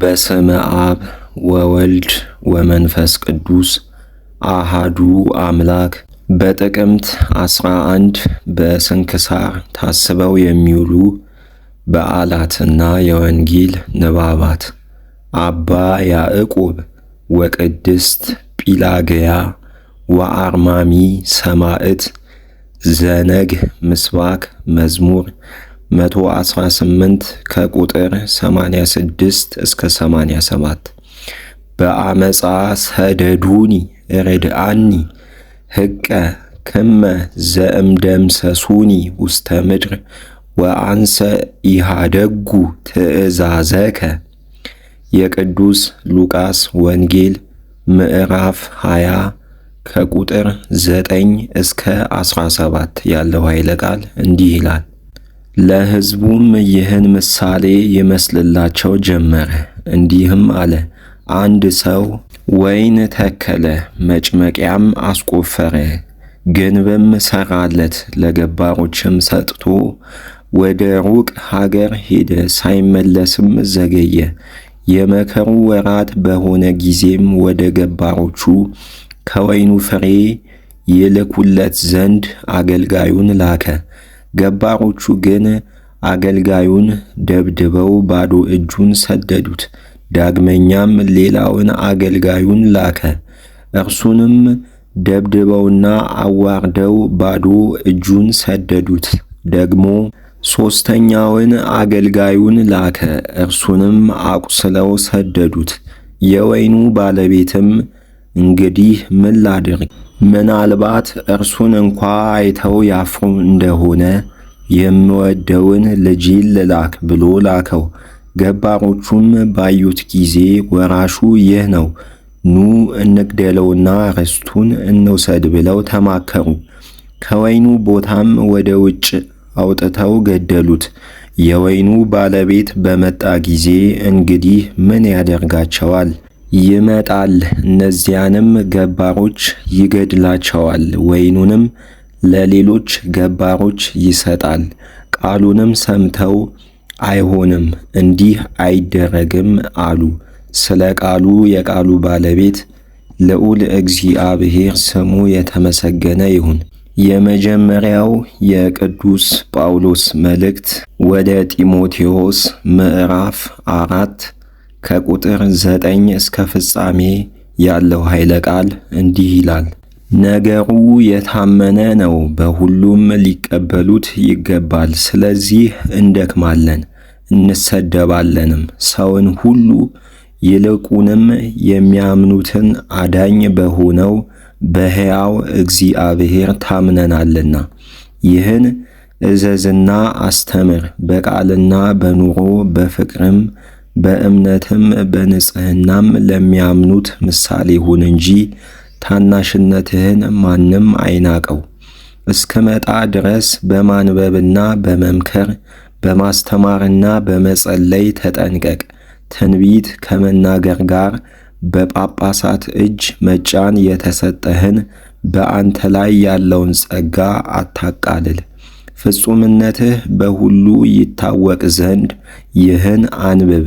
በስመ አብ ወወልድ ወመንፈስ ቅዱስ አሃዱ አምላክ። በጥቅምት 11 በስንክሳር ታስበው የሚውሉ በዓላትና የወንጌል ንባባት አባ ያዕቆብ ወቅድስት ጲላገያ ወአርማሚ ሰማዕት ዘነግ ምስባክ መዝሙር 118 ከቁጥር 86 እስከ 87 በአመፃ ሰደዱኒ ርድአኒ ህቀ ክመ ዘእምደምሰሱኒ ውስተ ምድር ወአንሰ ኢሃደጉ ትእዛዘከ። የቅዱስ ሉቃስ ወንጌል ምዕራፍ 20 ከቁጥር 9 እስከ 17 ያለው ኃይለ ቃል እንዲህ ይላል። ለሕዝቡም ይህን ምሳሌ ይመስልላቸው ጀመረ፣ እንዲህም አለ። አንድ ሰው ወይን ተከለ፣ መጭመቂያም አስቆፈረ፣ ግንብም ሰራለት፣ ለገባሮችም ሰጥቶ ወደ ሩቅ ሀገር ሄደ፣ ሳይመለስም ዘገየ። የመከሩ ወራት በሆነ ጊዜም ወደ ገባሮቹ ከወይኑ ፍሬ ይልኩለት ዘንድ አገልጋዩን ላከ። ገባሮቹ ግን አገልጋዩን ደብድበው ባዶ እጁን ሰደዱት። ዳግመኛም ሌላውን አገልጋዩን ላከ። እርሱንም ደብድበውና አዋርደው ባዶ እጁን ሰደዱት። ደግሞ ሦስተኛውን አገልጋዩን ላከ። እርሱንም አቁስለው ሰደዱት። የወይኑ ባለቤትም እንግዲህ ምን ላድርግ? ምናልባት እርሱን እንኳ አይተው ያፍሩ እንደሆነ የምወደውን ልጄን ልላክ ብሎ ላከው። ገባሮቹም ባዩት ጊዜ ወራሹ ይህ ነው፣ ኑ እንግደለውና ርስቱን እንውሰድ ብለው ተማከሩ። ከወይኑ ቦታም ወደ ውጭ አውጥተው ገደሉት። የወይኑ ባለቤት በመጣ ጊዜ እንግዲህ ምን ያደርጋቸዋል? ይመጣል፣ እነዚያንም ገባሮች ይገድላቸዋል፣ ወይኑንም ለሌሎች ገባሮች ይሰጣል። ቃሉንም ሰምተው አይሆንም፣ እንዲህ አይደረግም አሉ። ስለ ቃሉ የቃሉ ባለቤት ልዑል እግዚአብሔር ስሙ የተመሰገነ ይሁን። የመጀመሪያው የቅዱስ ጳውሎስ መልእክት ወደ ጢሞቴዎስ ምዕራፍ አራት ከቁጥር ዘጠኝ እስከ ፍጻሜ ያለው ኃይለ ቃል እንዲህ ይላል። ነገሩ የታመነ ነው፣ በሁሉም ሊቀበሉት ይገባል። ስለዚህ እንደክማለን እንሰደባለንም፣ ሰውን ሁሉ ይልቁንም የሚያምኑትን አዳኝ በሆነው በሕያው እግዚአብሔር ታምነናልና። ይህን እዘዝና አስተምር፣ በቃልና በኑሮ በፍቅርም በእምነትም በንጽህናም ለሚያምኑት ምሳሌ ሁን እንጂ ታናሽነትህን ማንም አይናቀው። እስከመጣ ድረስ በማንበብና በመምከር በማስተማርና በመጸለይ ተጠንቀቅ። ትንቢት ከመናገር ጋር በጳጳሳት እጅ መጫን የተሰጠህን በአንተ ላይ ያለውን ጸጋ አታቃልል። ፍጹምነትህ በሁሉ ይታወቅ ዘንድ ይህን አንብብ።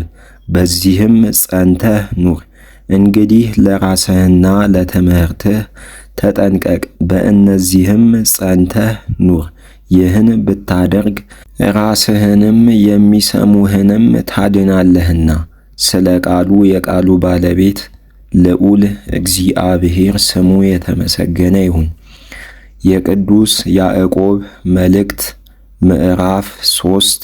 በዚህም ጸንተህ ኑር። እንግዲህ ለራስህና ለትምህርትህ ተጠንቀቅ፣ በእነዚህም ጸንተህ ኑር። ይህን ብታደርግ ራስህንም የሚሰሙህንም ታድናለህና። ስለ ቃሉ የቃሉ ባለቤት ልዑል እግዚአብሔር ስሙ የተመሰገነ ይሁን። የቅዱስ ያዕቆብ መልእክት ምዕራፍ ሶስት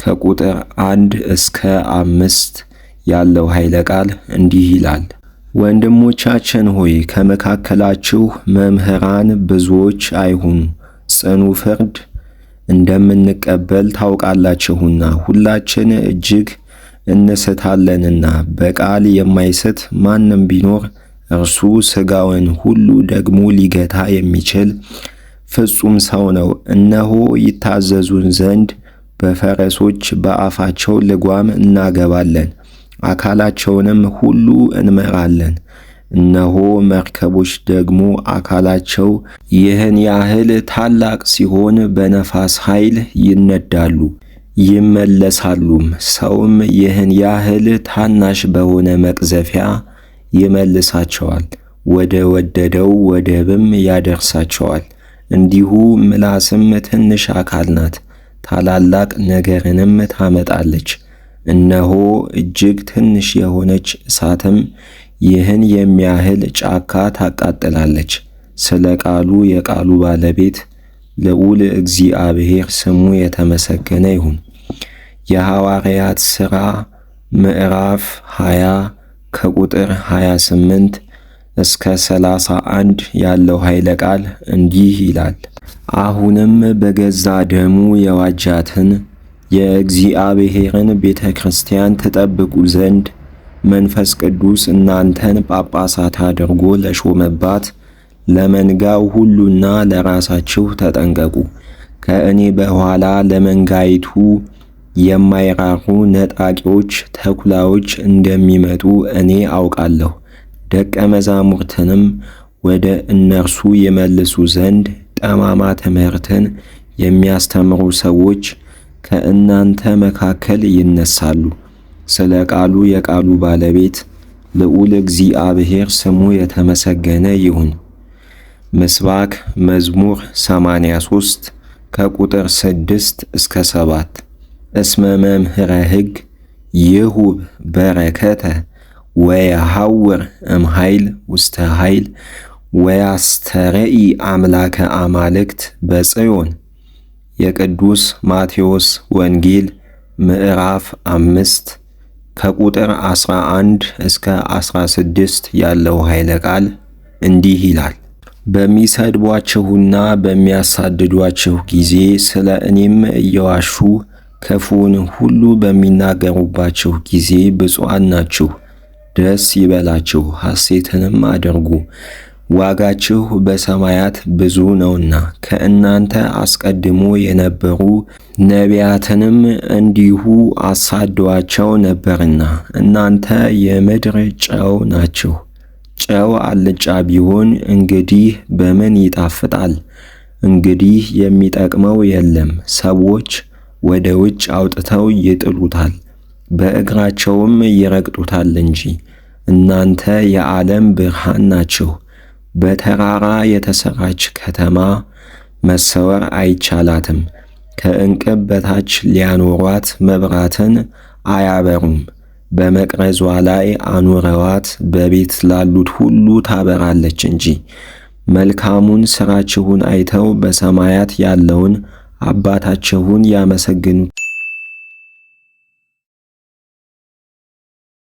ከቁጥር አንድ እስከ አምስት ያለው ኃይለ ቃል እንዲህ ይላል። ወንድሞቻችን ሆይ ከመካከላችሁ መምህራን ብዙዎች አይሁኑ፣ ጽኑ ፍርድ እንደምንቀበል ታውቃላችሁና ሁላችን እጅግ እንስታለንና በቃል የማይስት ማንም ቢኖር እርሱ ሥጋውን ሁሉ ደግሞ ሊገታ የሚችል ፍጹም ሰው ነው። እነሆ ይታዘዙን ዘንድ በፈረሶች በአፋቸው ልጓም እናገባለን። አካላቸውንም ሁሉ እንመራለን። እነሆ መርከቦች ደግሞ አካላቸው ይህን ያህል ታላቅ ሲሆን በነፋስ ኃይል ይነዳሉ ይመለሳሉም። ሰውም ይህን ያህል ታናሽ በሆነ መቅዘፊያ ይመልሳቸዋል፣ ወደ ወደደው ወደብም ያደርሳቸዋል። እንዲሁ ምላስም ትንሽ አካል ናት፣ ታላላቅ ነገርንም ታመጣለች። እነሆ እጅግ ትንሽ የሆነች እሳትም ይህን የሚያህል ጫካ ታቃጥላለች። ስለ ቃሉ የቃሉ ባለቤት ልዑል እግዚአብሔር ስሙ የተመሰገነ ይሁን። የሐዋርያት ሥራ ምዕራፍ 20 ከቁጥር 28 እስከ 31 ያለው ኃይለ ቃል እንዲህ ይላል። አሁንም በገዛ ደሙ የዋጃትን የእግዚአብሔርን ቤተ ክርስቲያን ትጠብቁ ዘንድ መንፈስ ቅዱስ እናንተን ጳጳሳት አድርጎ ለሾመባት ለመንጋው ሁሉና ለራሳችሁ ተጠንቀቁ። ከእኔ በኋላ ለመንጋይቱ የማይራሩ ነጣቂዎች፣ ተኩላዎች እንደሚመጡ እኔ አውቃለሁ። ደቀ መዛሙርትንም ወደ እነርሱ የመልሱ ዘንድ ጠማማ ትምህርትን የሚያስተምሩ ሰዎች ከእናንተ መካከል ይነሳሉ። ስለ ቃሉ የቃሉ ባለቤት ልዑል እግዚአብሔር ስሙ የተመሰገነ ይሁን። ምስባክ መዝሙር 83 ከቁጥር 6 እስከ 7 እስመ መምህረ ሕግ ይሁብ በረከተ ወየሐውር እምኃይል ውስተ ኃይል ወያስተረኢ አምላከ አማልክት በጽዮን የቅዱስ ማቴዎስ ወንጌል ምዕራፍ አምስት ከቁጥር 11 እስከ 16 ያለው ኃይለ ቃል እንዲህ ይላል። በሚሰድቧችሁና በሚያሳድዷችሁ ጊዜ ስለ እኔም እየዋሹ ክፉውን ሁሉ በሚናገሩባችሁ ጊዜ ብፁዓን ናችሁ። ደስ ይበላችሁ፣ ሐሴትንም አድርጉ ዋጋችሁ በሰማያት ብዙ ነውና ከእናንተ አስቀድሞ የነበሩ ነቢያትንም እንዲሁ አሳደዋቸው ነበርና እናንተ የምድር ጨው ናችሁ። ጨው አልጫ ቢሆን እንግዲህ በምን ይጣፍጣል? እንግዲህ የሚጠቅመው የለም። ሰዎች ወደ ውጭ አውጥተው ይጥሉታል፣ በእግራቸውም ይረግጡታል እንጂ እናንተ የዓለም ብርሃን ናችሁ። በተራራ የተሰራች ከተማ መሰወር አይቻላትም። ከእንቅብ በታች ሊያኖሯት መብራትን አያበሩም። በመቅረዟ ላይ አኑረዋት በቤት ላሉት ሁሉ ታበራለች እንጂ። መልካሙን ሥራችሁን አይተው በሰማያት ያለውን አባታችሁን ያመሰግኑ።